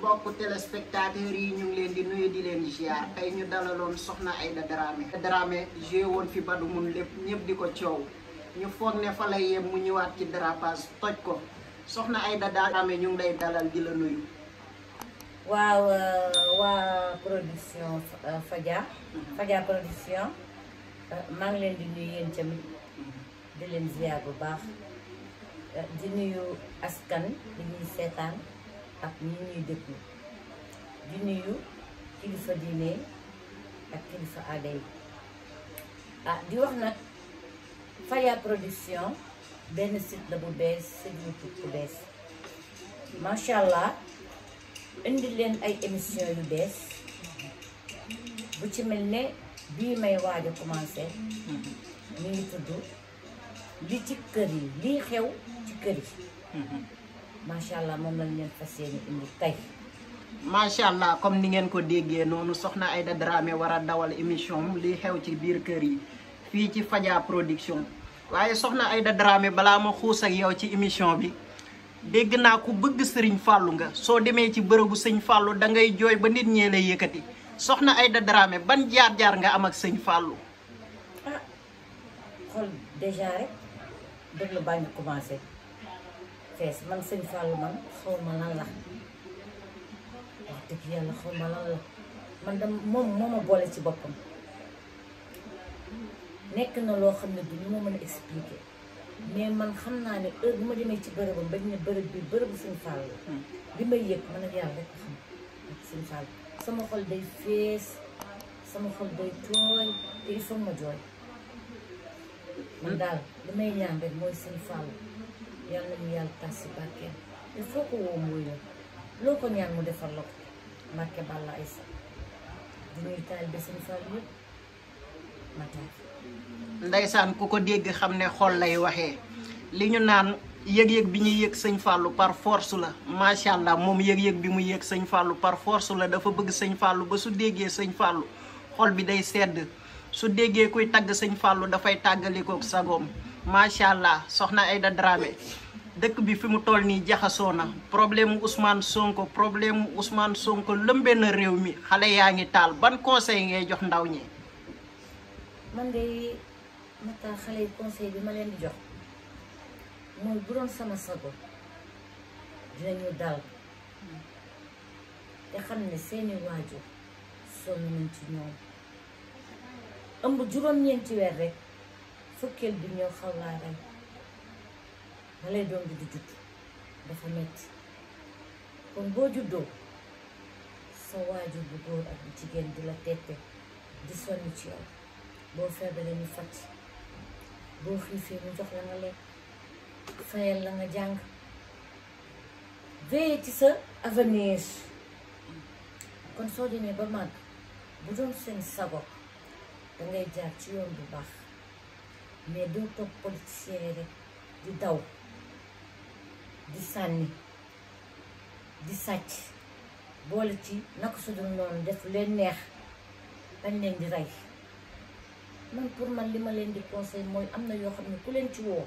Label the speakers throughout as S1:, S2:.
S1: mbokk téléspectateurs yi ñu ngi leen di nuyu di leen ziar tey ñu dalaloon soxna Aïda Dramé Dramé joué woon fi ba du mun lépp ñëpp di ko coow ñu foog ne fa lay yem mu ñëwaat ci drapage toj ko soxna Aïda Dramé ñu ngi lay dalal di la nuyu waaw euh,
S2: waa production euh, mhm. Fadia production euh, maa ngi leen di nuyu yéen tamit mhm. di leen ziar bu baax di nuyu askan di ñuy seetaan ak ñi ñuy déglu di nuyu kilifa diine ak kilifa aada yi ah di wax nag Faya production benn site la bu bees seen YouTube bu bees macha allah indi leen ay émission yu bees bu ci mel ne bii may waaj a commencé ñu ngi tudd li ci kër
S1: yi lii xew ci kër yi macha allah moom lañ leen allah comme ni ngeen ko déggee noonu soxna Aïda drame war a dawal émission li xew ci biir kër yi fii ci Fadia production waaye soxna Aïda Dramé balaa ma xuus ak yow ci émission bi. dégg naa ku bëgg sëriñ fàllu nga soo demee ci bërëbu sëñ fàllu da ngay jooy ba nit ñee lay yëkkati soxna Aïda drame ban jaar-jaar nga am ak sëñ fàllu
S2: ah xool déjà rek déglu baa ngi commencé man sëñ Fall man xaw ma lan la wax dëgg yàlla xaw ma lan la man dam moom moo ma boole ci boppam nekk na loo xam ne du ñu ma mën a expliquer mais man xam naa ne heure bu ma demee ci bërëbam bañ ne bërëb bi bërëbu sëñ Fall la bi hmm. may yëg man ak yàlla rek xam ak sëñ Fall sama xol day fees sama xol day tooy te ma jooy man hmm. daal li may mooy sëñ Fall yalla mu yalla tass barke il faut ko wo moy loko ñaan mu defal lok marke balla isa dina tal be sen fal yu
S1: hamne hol kuko deg xamne xol lay nan yeg yeg biñu yeg par force la ma sha Allah mom yeg yeg bimu par force la dafa bëgg señ fallu ba su déggé señ fallu xol bi day sedd su déggé kuy tag señ fallu da sagom ma sha Allah soxna ay dëkk bi fi mu toll nii jaxasoo na problème Ousmane Sonko problème Ousmane Sonko lëmbee na réew mi xale yaa ngi taal ban conseil ngay jox ndaw ñi.
S2: man de Matar xale yi conseil bi ma leen di jox mooy bu sama sago dinañu dal te xam ne seeni waajur sonn nañ ci juróom-ñeenti weer rek fukkeel bi ñëw xaw lay doom bi di judd dafa metti kon boo juddoo sa waajur bu góor ak jigéen di la tette di sonn ci yow boo feebaree ñu fat boo xiifee mu jox la nga lekk fayal la nga jàng veillé ci sa avenir kon soo demee ba màgg bu doon seen sago dangay jaar ci yoon bu baax mais doo toog politicien rek di daw di sànni di sàcc boole ci naka su dul noonu def leen neex dañ leen di rey man pour man li ma leen di conseil mooy am na yoo xam ne ku leen ci woo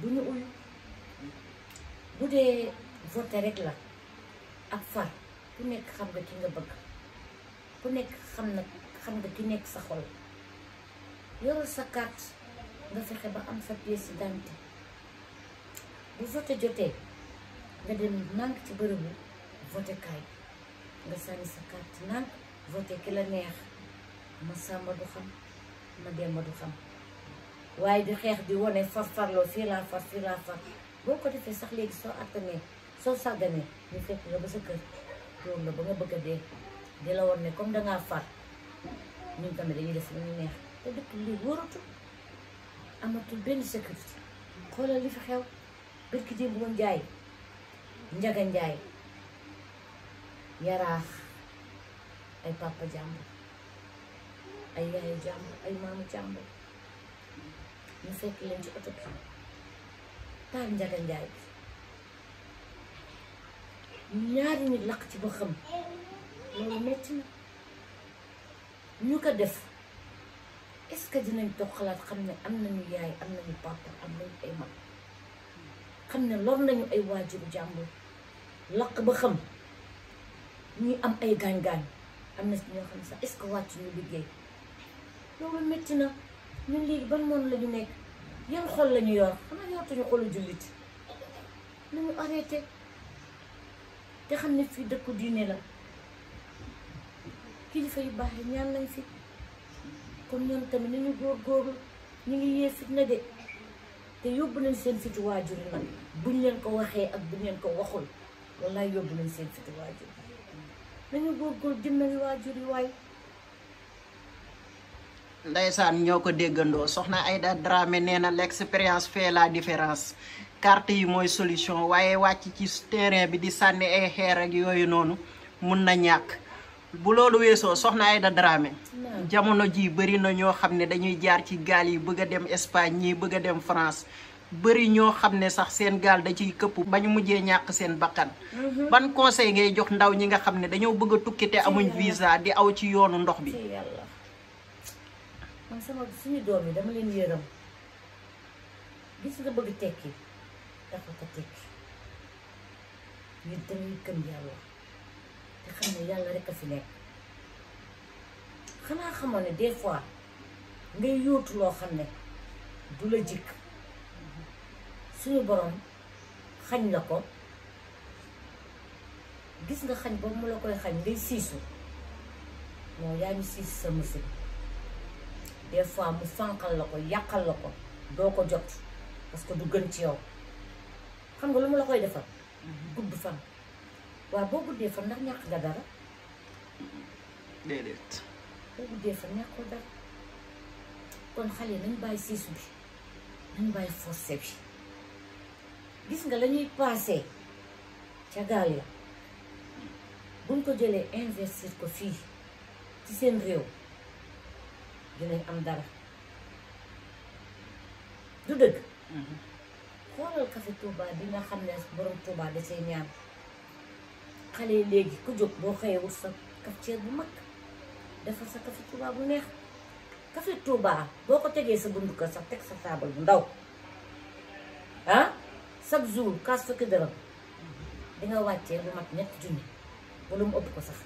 S2: bu ñu uyu bu dee voté rek la ak far ku nekk xam nga ki nga bëgg ku nekk xam na xam nga ki nekk sa xol yoral sa carte nga fexe ba am sa pièce d'identité bu vote jotee nga dem nànk ci bërëbu vote kaay nga sànni sa carte nànk vote ki la neex ma sàmba du xam ma demba du xam waaye du xeex di wone farfarloo fii laa far fii laa far boo ko defee sax léegi soo attanee soo sàgganee ñu fekk la ba sa kër dóor la ba nga bëgg a dee di la woon ne comme dangaa far ñun tamit dañuy def lu ñu neex te dëkk lii wóoratu amatul benn sécurité xoolal li fi xew bërki démb ba njaay njaga njaay yaraax ay papa jàmbur ay yaayu jàmbur ay maamu jàmbur ñu fekk leen ci oto bi taal njaga njaay bi ñaari lakk ci ba xam loolu metti na ñu ko def est-ce que dinañ toog xalaat xam ne am nañu yaay am nañu papa am nañu ay mag xam ne lor nañu ay waajuru jàmbur lakk ba xam ñuy am ay gaañ-gaañ am na si ñoo xam sax est-ce que wàcc ñu liggéey loolu métti na ñu léegi ban moon la ñu nekk yan xol la ñu yor xanaa yortuñu xolu jullit na ñu arrêté te xam ne fii dëkku diine la kilifa yu baax yi ñaan nañ fi kon ñoom tamit nañu góor góorlu ñu ngi yee na de te yóbbu nañ seen fitu waajur yi nag buñ leen ko waxee ak buñ leen ko waxul wallaay yóbbu nañ seen fitu waajur yi waay
S1: ndaysaan ñoo ko déggandoo soxna Aïda Dramé nee na l'expérience fait la différence carte yi mooy solution waaye wàcc ci terrain bi di sànni ay xeer ak yooyu noonu mun na ñàkk bu loolu weesoo soxna Aïda Dramé jamono ji bëri na ñoo xam ne dañuy jaar ci gaal yi bëgg a dem Espagne ñii bëgg dem France bëri ñoo xam ne sax seen gaal da ciy këpp ba ñu mujjee ñàkk seen bakkan mhm. ban conseil ngay jox ndaw ñi nga xam ne dañoo bëgg a tukki te amuñ visa di aw ci yoonu ndox bi
S2: man yi dama leen te xam ne yàlla rek a fi nekk xanaa xamoon ne des fois ngay yóotu loo xam ne du la jikk suñu boroom xañ na ko gis nga xañ boobu mu la koy xañ ngay siisu moom yaa ngi siisu sa musiba des fois mu fanqal la ko yàqal la ko doo ko jot parce que du gën ci yow xam nga lu mu la koy defal gudd fan waaw boo guddee fan ndax ñàkk
S1: nga dara. déedéet.
S2: boo guddee fan ñàkkoo dara kon xale nañ bàyyi siisu bi nañ bàyyi forcé bi gis nga la ñuy paasee ca gaal ya buñ ko jëlee investir ko fii ci seen réew dinañ am dara du dëgg. Mhm. xoolal café Touba bi nga xam ne borom Touba da ñaan. xale yi léegi ku jóg boo xëyewul sa kaf bu mag defal sa kafe bu neex kafe Touba boo ko tegee sa bundu ko sax teg sa saabal bu ndaw ah chaque jour kaas fukki dërëm di nga wàccee lu mat ñetti junni wala mu ëpp ko sax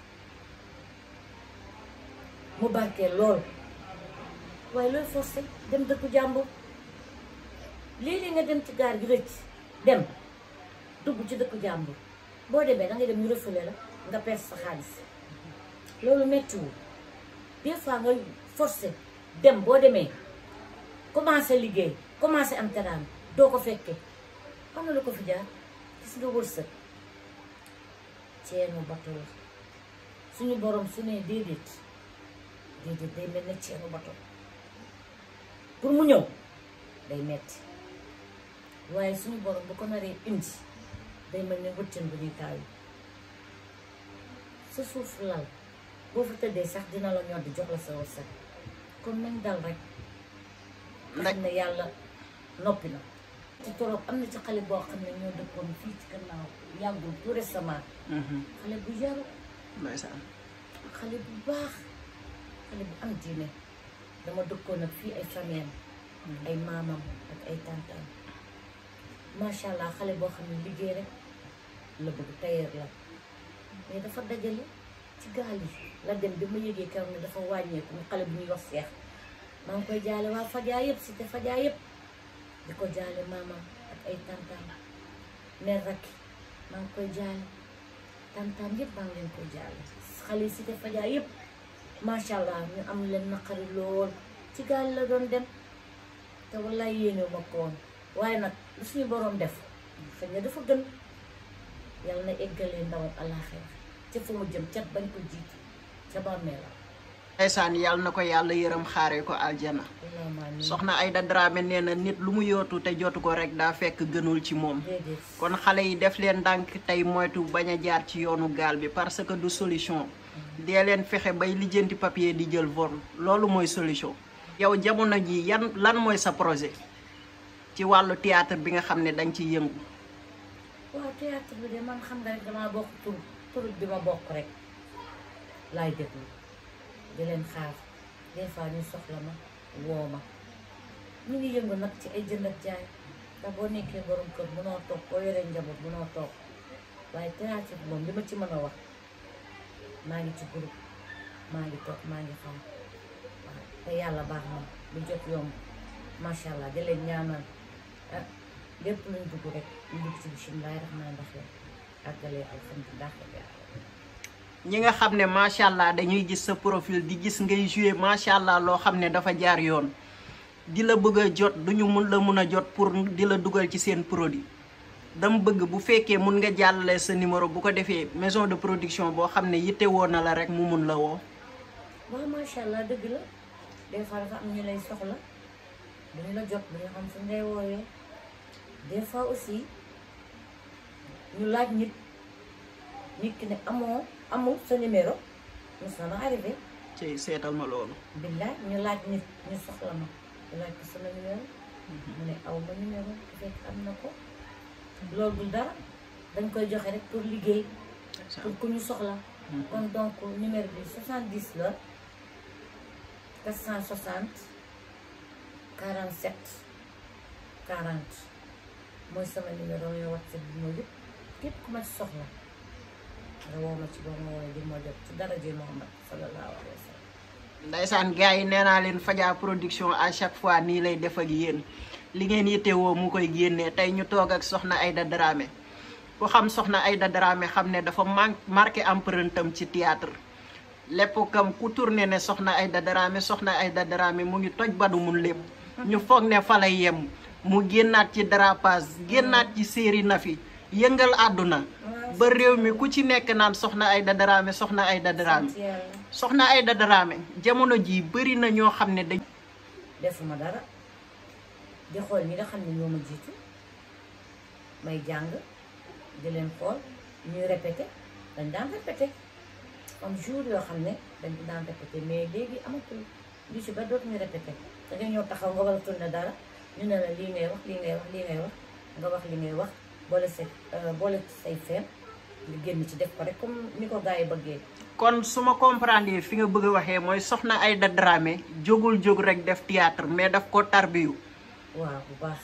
S2: mu barkee lool waaye looy forcé dem dëkku jàmbur lii léeg nga dem ci gaar gi rëcc dem dugg ci dëkku jàmbur boo demee da ngay dem ñu refoulé la nga perte sa xaalis loolu méttiwul des fois nga forcé dem boo demee commencé liggéey commencé am teraanga doo ko fekkee xam na lu ko fi jaar gis nga wërsëg ceenu bato la suñu borom su nee déedéet déedéet day mel ne ceenu bato pour mu ñëw day metti waaye suñu borom bu ko naree indi day na ne wëccin bu ñuy taayu sa suuf lal boo fa tëddee sax dina la ñor di jox la sa wërsëg kon nañ dal rek xam na yàlla noppi na ci torop am na ci xale boo am ne ñoo dëkkoon fii ci gannaaw yàggul tout récemment mm-hmm. xale bu yaru xale bu baax xale bu am diine dama dëkkoon ak fii ay famille mm-hmm. ay maamam ak ay tantam macha allah xale boo xam ne liggéey rek la bëgg tailleur la mais dafa dajale ci gaal yi la dem bi ma yëgee kaw ne dafa wàññeeku mu xale bu ñuy wax seex maa ngi koy jaale waa fajaa yëpp si te fajaa yëpp di ko jaale maama ak ay tantam mère Racky maa ngi koy jaale tantam yëpp maa ngi leen koy jaale xale yi si te fajaa yëpp macha allah ñu am leen naqari lool ci gaal la doon dem te wallaay yéene ma ko waye nak suñu borom def xëy na dafa gën yalla na ndaw ak alaxé ci fu mu jëm ci bañ ko jiitu ca bàmmeelam
S1: ndeysaan yàlla na nako yalla yërëm xaaree ko aljana soxna da Dramé nee nit lu mu yotu te jotu ko rek da fekk gënul ci mom kon xalé yi def leen dank tay moytu baña jaar ci yoonu gal bi parce que du solution mm-hmm. dee len fexé bay lijeenti papier di jël vol lolu moy solution yow jamono ji yan lan moy sa projet ci wàllu théâtre bi nga xam ne dañ ci yëngu
S2: waaw théâtre bi de man xam nga rek damaa bokk tur tur bi ma bokk rek laay déglu di leen xaar des fois ñu soxla ma woo ma ñu ngi yëngu nag ci ay jën ak jaay ndax boo nekkee borom kër mënoo toog boo yoree njaboot mënoo toog waaye théâtre bi moom li ma ci mën a wax maa ngi ci groupe maa ngi toog maa ngi xam te yàlla baax ma lu jot yomb macha allah di leen ñaanal ah lépp luñ
S1: ñi nga xam ne macha allah dañuy gis sa profil di gis ngay joué macha allah loo xam ne dafa jaar yoon di la bëgg jot duñu mun la mun a jot pour di la dugal ci seen produit dama bëgg bu fekkee mun nga jàllale sa numéro bu ko defee maison de production boo xam ne yitte woon na la rek mu mun la woo.
S2: waaw des fois aussi ñu laaj nit nit ki ne amoo amul sa numéro mos na ma arrivé.
S1: ci seetal ma loolu.
S2: billaay ñu laaj nit ñu soxla ma ñu laaj ko sama numéro. mu ne aw ma numéro bu fekk am na ko. loolu du dara koy joxe rek pour mm-hmm. numéro bi 70 la mooy sama numéro
S1: Ndaysaan gars yi nee naa leen Fadia production à chaque fois nii lay def ak yéen li ngeen yittewoo mu koy génnee tey ñu toog ak Soxna Aïda Dramé ku xam Soxna Aïda Dramé xam ne dafa marqué empreinte ci théâtre lépp kam ku tourné ne Soxna Aïda Dramé Soxna Aïda Dramé mu ngi toj ba du mun lépp. ñu foog ne fa yem. mu génnaat ci dérapage génnaat ci série na fi yëngal àdduna ba réew mi ku ci nekk naan soxna ay Dramé soxna ay Dramé soxna Aïda Dramé jamono ji bëri na ñoo xam ne dañ defuma dara
S2: di xool ñi nga xam ne ñoo jiitu may jàng di xool ñuy répété dañ daan répété ne dañ daan mais léegi amatul ñu si ba dootuñu répété da nga ñëw taxaw nga war a tourné dara ñu la lii ngay wax lii ngay wax lii ngay wax nga wax li ngay wax boole sa euh, boole say fen nga génn ci def ko rek comme
S1: ni ko gars kon suma comprendre fi nga bëgg a moy soxna ay da Dramé jogul jog rek def théâtre mais daf ko tarbiyu.
S2: waaw bu baax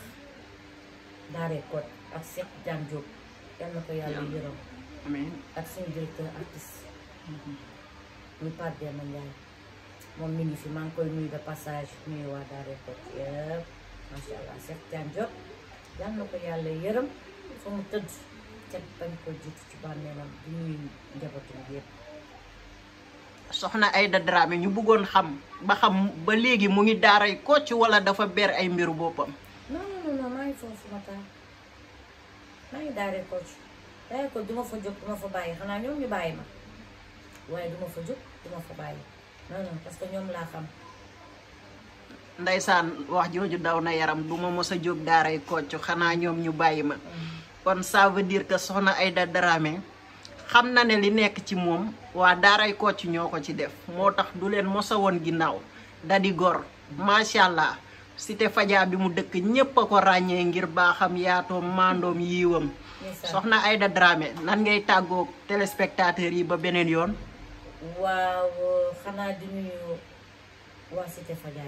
S2: daaree ko ak sék Diagne jog yalla ko yalla yërëm. amen ak suñu directeur artiste. ñu mhm. parle de Ndiaye moom fi man koy nuyu de passage nuyu wa daaree ko yépp maşallah sertten çok. Yanlık
S1: yerle yerim. Sonuçta cepen kocuk cibanela duñuy njabatu yépp soxna ayda dramé ñu bëggoon xam ba xam ba léegi mu ngi daaray kocc wala dafa ber ay mbiru bopam.
S2: non non non maa ngi foofu ma taa maa ngi ay kocc daaray ko duma fa jóg duma fa bàyyi xanaa ñoom ñu bàyyi ma duma fa jóg duma fa bàyyi non non parce que ñoom la xam
S1: ndaysan wax jooju daw na yaram duma ma mos a ko daaray xana ñom ñu bayima kon ça veut dire que soxna da Dramé xam na ne li nekk ci mom wa daaray kocc ñoo ko ci def motax du len mos a woon dadi gor macha allah cité fadia bi mu dëkk ñepp ko rañé ngir baaxam yaato mandom yiwam soxna da Dramé nan ngay taggo téléspectateur yi ba benen yoon
S2: waaw xana di nuyu wa cité fadia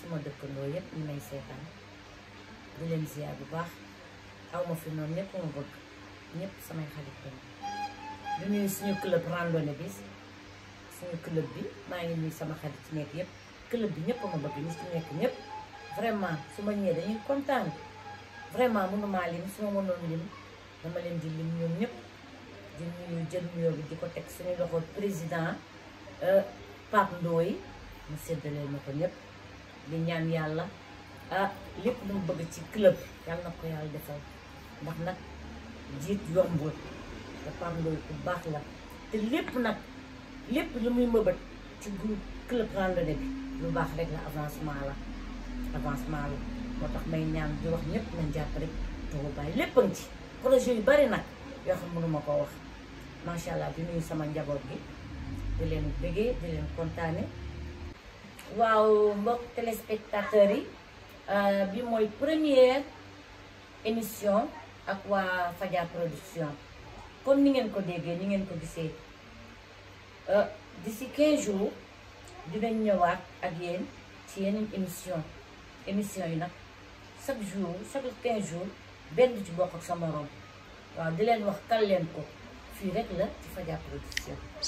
S2: suma dëkkandoo yépp ñu may seetaan di leen ziar bu baax aw ma fi noonu ñépp ma bëgg ñépp samay xarit lañ di nuyu suñu club randonnée bi suñu club bi maa ngi nuyu sama xarit ci nekk yépp club bi ñépp ma bëgg ñu ci nekk ñépp vraiment su ma ñëwee dañuy kontaan vraiment mënumaa lim su ma mënoon lim dama leen di lim ñoom ñépp di nuyu jël nuyoo bi di ko teg suñu loxo président euh, Pape Ndoye mu séddalee ma ko ñépp di ñaan yàlla ah lépp lu mu bëgg ci club yàlla na ko yàlla defal ndax nag jiit yombul te Pape Ndoye ku baax la te lépp nag lépp lu muy mëbët ci groupe club Randoné bi lu baax rek la avancement la avancement moo tax may ñaan di wax ñëpp nañ jàpp rek doo bàyyi lépp a ngi ci projet bari nag yoo xam mënuma koo wax macha allah di nuyu sama njaboot gi di leen bëggee di leen kontaane waaw mbokk téléspectateurs yi euh, bi mooy première émission ak waa Fadia production kon ni ngeen ko déggee ni ngeen ko gisee euh, d'ici 15 jours di dinañ ñëwaat ak yéen ci yeneen émission émission yi nag chaque jour chaque 15 jours benn ci bokk ak sa morom waaw di leen wax kal leen ko fii rek la ci Fadia production